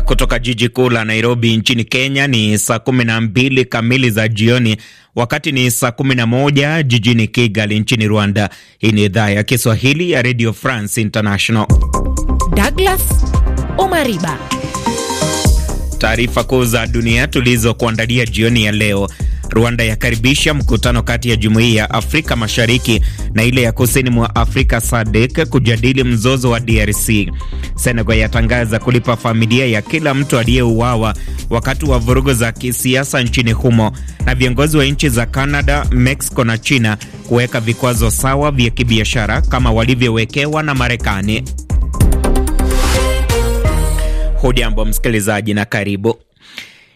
kutoka jiji kuu la Nairobi nchini Kenya ni saa kumi na mbili kamili za jioni, wakati ni saa kumi na moja jijini Kigali nchini Rwanda. Hii ni idhaa ya Kiswahili ya Radio France International. Douglas Omariba, taarifa kuu za dunia tulizokuandalia jioni ya leo. Rwanda yakaribisha mkutano kati ya jumuiya ya Afrika Mashariki na ile ya kusini mwa Afrika SADC kujadili mzozo wa DRC. Senegal yatangaza kulipa familia ya kila mtu aliyeuawa wakati wa vurugu za kisiasa nchini humo, na viongozi wa nchi za Canada, Mexico na China kuweka vikwazo sawa vya kibiashara kama walivyowekewa na Marekani. Hujambo msikilizaji na karibu.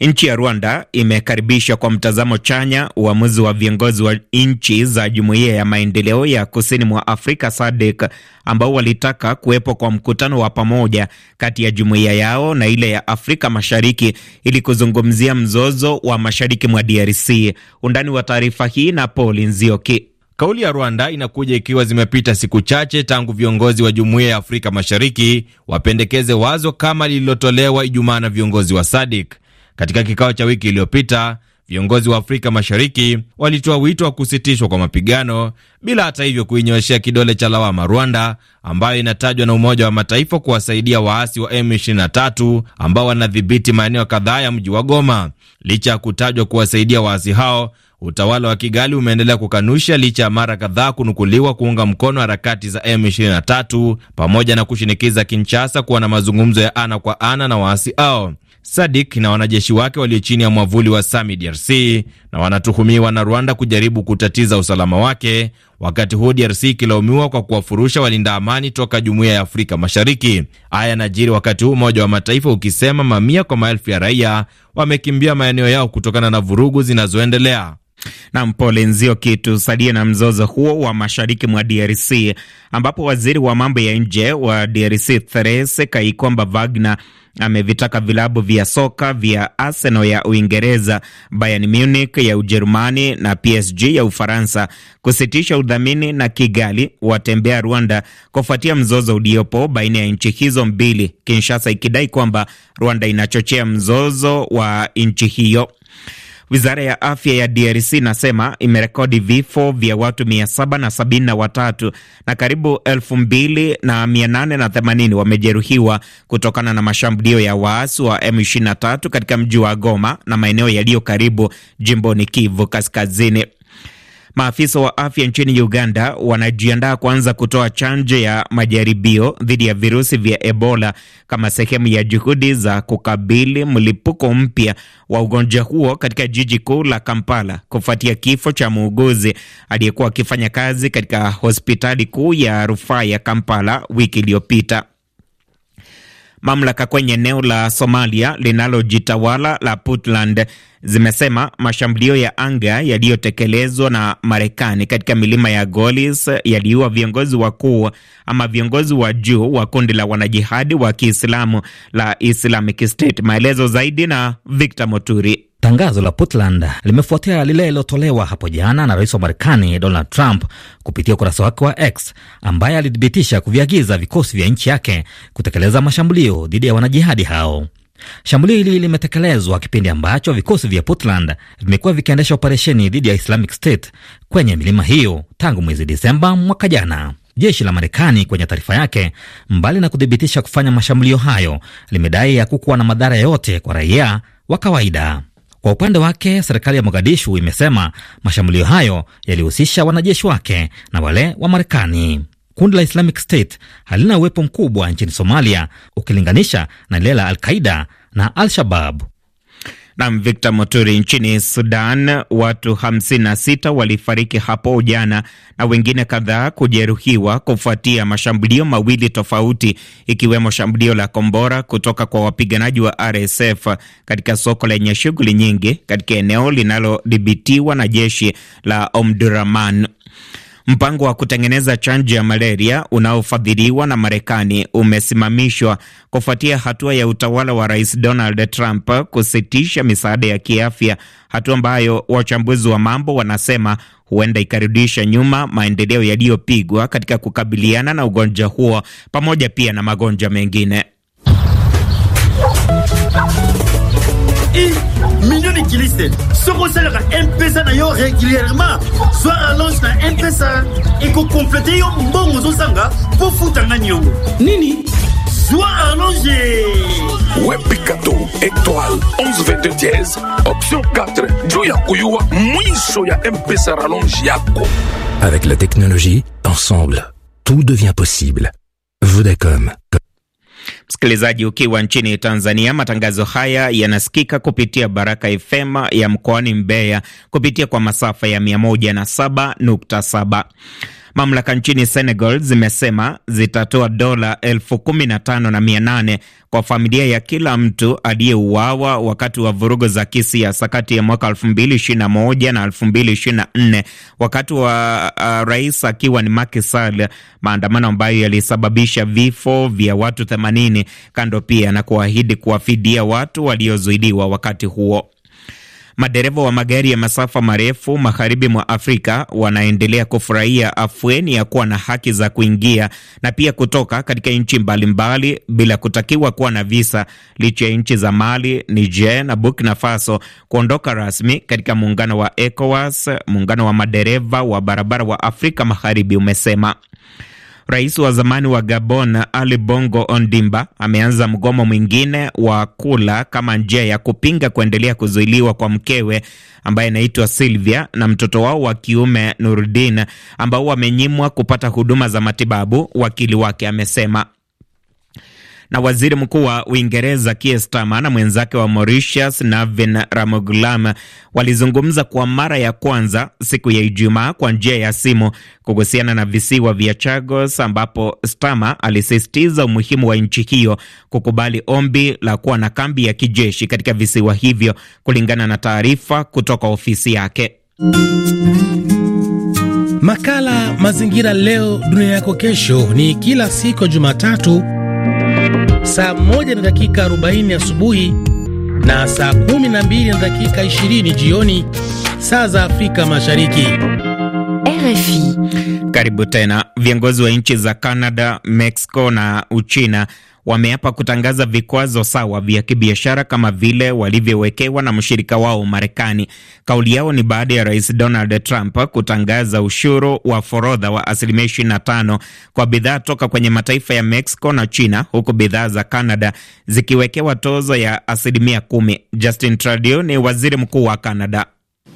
Nchi ya Rwanda imekaribisha kwa mtazamo chanya uamuzi wa viongozi wa nchi za Jumuiya ya Maendeleo ya Kusini mwa Afrika SADC ambao walitaka kuwepo kwa mkutano wa pamoja kati ya jumuiya yao na ile ya Afrika Mashariki ili kuzungumzia mzozo wa mashariki mwa DRC. Undani wa taarifa hii na Paul Nzioki. Kauli ya Rwanda inakuja ikiwa zimepita siku chache tangu viongozi wa Jumuiya ya Afrika Mashariki wapendekeze wazo kama lililotolewa Ijumaa na viongozi wa SADC. Katika kikao cha wiki iliyopita, viongozi wa Afrika Mashariki walitoa wito wa kusitishwa kwa mapigano, bila hata hivyo kuinyoshea kidole cha lawama Rwanda, ambayo inatajwa na Umoja wa Mataifa kuwasaidia waasi wa M23 ambao wanadhibiti maeneo kadhaa ya mji wa Goma. Licha ya kutajwa kuwasaidia waasi hao, utawala wa Kigali umeendelea kukanusha, licha ya mara kadhaa kunukuliwa kuunga mkono harakati za M23 pamoja na kushinikiza Kinshasa kuwa na mazungumzo ya ana kwa ana na waasi hao. Sadik na wanajeshi wake walio chini ya mwavuli wa Sami DRC na wanatuhumiwa na Rwanda kujaribu kutatiza usalama wake, wakati huu DRC ikilaumiwa kwa kuwafurusha walinda amani toka jumuiya ya Afrika Mashariki. Haya yanajiri wakati huu Umoja wa Mataifa ukisema mamia kwa maelfu ya raia wamekimbia maeneo yao kutokana na vurugu zinazoendelea. Nam pole Nzio, kitu kitusalie na mzozo huo wa mashariki mwa DRC ambapo waziri wa mambo ya nje wa DRC Therese Kaikomba Wagner amevitaka vilabu vya soka vya Arsenal ya Uingereza, Bayern Munich ya Ujerumani na PSG ya Ufaransa kusitisha udhamini na Kigali watembea Rwanda kufuatia mzozo uliopo baina ya nchi hizo mbili, Kinshasa ikidai kwamba Rwanda inachochea mzozo wa nchi hiyo. Wizara ya afya ya DRC inasema imerekodi vifo vya watu 773 na, na karibu 2880 wamejeruhiwa kutokana na mashambulio ya waasi wa M23 katika mji wa Goma na maeneo yaliyo karibu jimboni Kivu Kaskazini. Maafisa wa afya nchini Uganda wanajiandaa kuanza kutoa chanjo ya majaribio dhidi ya virusi vya Ebola kama sehemu ya juhudi za kukabili mlipuko mpya wa ugonjwa huo katika jiji kuu la Kampala kufuatia kifo cha muuguzi aliyekuwa akifanya kazi katika hospitali kuu ya rufaa ya Kampala wiki iliyopita. Mamlaka kwenye eneo la Somalia linalojitawala la Puntland zimesema mashambulio ya anga yaliyotekelezwa na Marekani katika milima ya Golis yaliua viongozi wakuu ama viongozi wa juu wa kundi la wanajihadi wa Kiislamu la Islamic State. Maelezo zaidi na Victor Moturi. Tangazo la Puntland limefuatia lile lilotolewa hapo jana na rais wa Marekani Donald Trump kupitia ukurasa wake wa X, ambaye alithibitisha kuviagiza vikosi vya nchi yake kutekeleza mashambulio dhidi ya wanajihadi hao. Shambulio hili limetekelezwa kipindi ambacho vikosi vya Puntland vimekuwa vikiendesha operesheni dhidi ya Islamic State kwenye milima hiyo tangu mwezi disemba mwaka jana. Jeshi la Marekani kwenye taarifa yake, mbali na kuthibitisha kufanya mashambulio hayo, limedai ya kukuwa na madhara yoyote kwa raia wa kawaida. Kwa upande wake, serikali ya Mogadishu imesema mashambulio hayo yalihusisha wanajeshi wake na wale wa Marekani. Kundi la Islamic State halina uwepo mkubwa nchini Somalia ukilinganisha na lile la Al Qaida na al shababu na Victor Moturi, nchini Sudan watu 56 walifariki hapo jana na wengine kadhaa kujeruhiwa kufuatia mashambulio mawili tofauti, ikiwemo shambulio la kombora kutoka kwa wapiganaji wa RSF katika soko lenye shughuli nyingi katika eneo linalodhibitiwa na jeshi la Omdurman. Mpango wa kutengeneza chanjo ya malaria unaofadhiliwa na Marekani umesimamishwa kufuatia hatua ya utawala wa Rais Donald Trump kusitisha misaada ya kiafya, hatua ambayo wachambuzi wa mambo wanasema huenda ikarudisha nyuma maendeleo yaliyopigwa katika kukabiliana na ugonjwa huo pamoja pia na magonjwa mengine. Et milioni kilise soki osalaka mpesa na yo régulièrement zwa Et na mpesa ekokomplete yo mbongo pour foutre un agneau. nini à allongé. Webicato, étoile 1122 dièse option 4 juu ya kuyuwa un peu mpesa rallonge yako avec la technologie ensemble tout devient possible vodacom Msikilizaji, ukiwa nchini Tanzania, matangazo haya yanasikika kupitia Baraka FM ya mkoani Mbeya kupitia kwa masafa ya 107.7. Mamlaka nchini Senegal zimesema zitatoa dola elfu kumi na tano na mia nane kwa familia ya kila mtu aliyeuawa wakati wa vurugu za kisiasa kati ya mwaka 2021 na 2024 wakati wa uh, rais akiwa ni Macky Sall, maandamano ambayo yalisababisha vifo vya watu 80 kando pia na kuahidi kuwafidia watu waliozuidiwa wakati huo madereva wa magari ya masafa marefu magharibi mwa Afrika wanaendelea kufurahia afueni ya kuwa na haki za kuingia na pia kutoka katika nchi mbalimbali bila kutakiwa kuwa na visa, licha ya nchi za Mali, Niger na Burkina Faso kuondoka rasmi katika muungano wa ECOWAS. Muungano wa madereva wa barabara wa Afrika Magharibi umesema Rais wa zamani wa Gabon Ali Bongo Ondimba ameanza mgomo mwingine wa kula kama njia ya kupinga kuendelea kuzuiliwa kwa mkewe ambaye anaitwa silvia na mtoto wao wa kiume Nurdin ambao wamenyimwa kupata huduma za matibabu, wakili wake amesema na waziri mkuu wa Uingereza Keir Starmer na mwenzake wa Mauritius Navin Ramgoolam walizungumza kwa mara ya kwanza siku ya Ijumaa kwa njia ya simu kuhusiana na visiwa vya Chagos, ambapo Starmer alisisitiza umuhimu wa nchi hiyo kukubali ombi la kuwa na kambi ya kijeshi katika visiwa hivyo, kulingana na taarifa kutoka ofisi yake. Makala Mazingira Leo Dunia Yako Kesho ni kila siku ya Jumatatu saa moja na dakika 40 asubuhi na saa 12 na dakika 20 jioni saa za Afrika Mashariki. RFI. Karibu tena. Viongozi wa nchi za Canada, Mexico na Uchina wameapa kutangaza vikwazo sawa vya kibiashara kama vile walivyowekewa na mshirika wao Marekani. Kauli yao ni baada ya Rais Donald Trump kutangaza ushuru wa forodha wa asilimia 25 kwa bidhaa toka kwenye mataifa ya Mexico na China, huku bidhaa za Canada zikiwekewa tozo ya asilimia kumi. Justin Trudeau ni waziri mkuu wa Canada.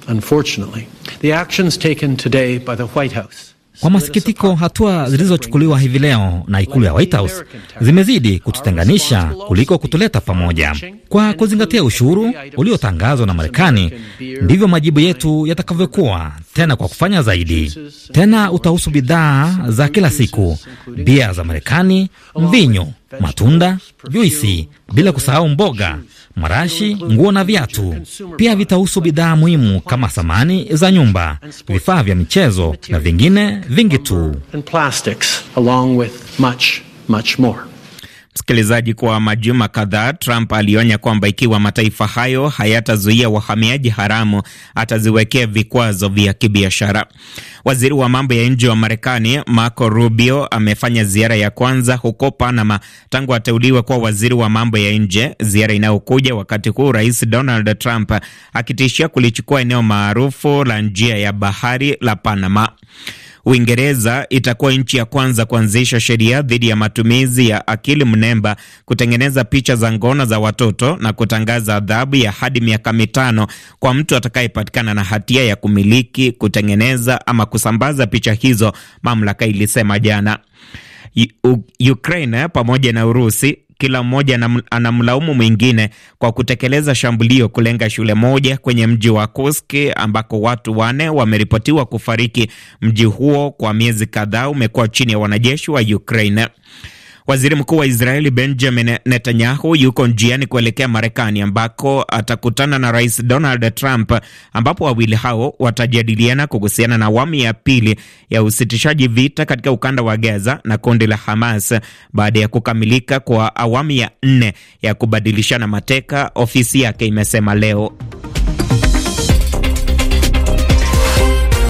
Unfortunately, the actions taken today by the White House kwa masikitiko, hatua zilizochukuliwa hivi leo na ikulu ya White House zimezidi kututenganisha kuliko kutuleta pamoja. Kwa kuzingatia ushuru uliotangazwa na Marekani, ndivyo majibu yetu yatakavyokuwa, tena kwa kufanya zaidi. Tena utahusu bidhaa za kila siku, bia za Marekani, mvinyo, matunda, juisi, bila kusahau mboga marashi, nguo na viatu. Pia vitahusu bidhaa muhimu kama samani za nyumba, vifaa vya michezo na vingine vingi tu. Msikilizaji, kwa majuma kadhaa Trump alionya kwamba ikiwa mataifa hayo hayatazuia wahamiaji haramu ataziwekea vikwazo vya kibiashara. Waziri wa mambo ya nje wa Marekani Marco Rubio amefanya ziara ya kwanza huko Panama tangu ateuliwe kuwa waziri wa mambo ya nje, ziara inayokuja wakati huu Rais Donald Trump akitishia kulichukua eneo maarufu la njia ya bahari la Panama. Uingereza itakuwa nchi ya kwanza kuanzisha sheria dhidi ya matumizi ya akili mnemba kutengeneza picha za ngono za watoto na kutangaza adhabu ya hadi miaka mitano kwa mtu atakayepatikana na hatia ya kumiliki, kutengeneza ama kusambaza picha hizo, mamlaka ilisema jana. Ukraine pamoja na Urusi kila mmoja anamlaumu mwingine kwa kutekeleza shambulio kulenga shule moja kwenye mji wa Kursk ambako watu wane wameripotiwa kufariki. Mji huo kwa miezi kadhaa umekuwa chini ya wanajeshi wa Ukraine. Waziri mkuu wa Israeli Benjamin Netanyahu yuko njiani kuelekea Marekani ambako atakutana na rais Donald Trump, ambapo wawili hao watajadiliana kuhusiana na awamu ya pili ya usitishaji vita katika ukanda wa Gaza na kundi la Hamas baada ya kukamilika kwa awamu ya nne ya kubadilishana mateka, ofisi yake imesema leo.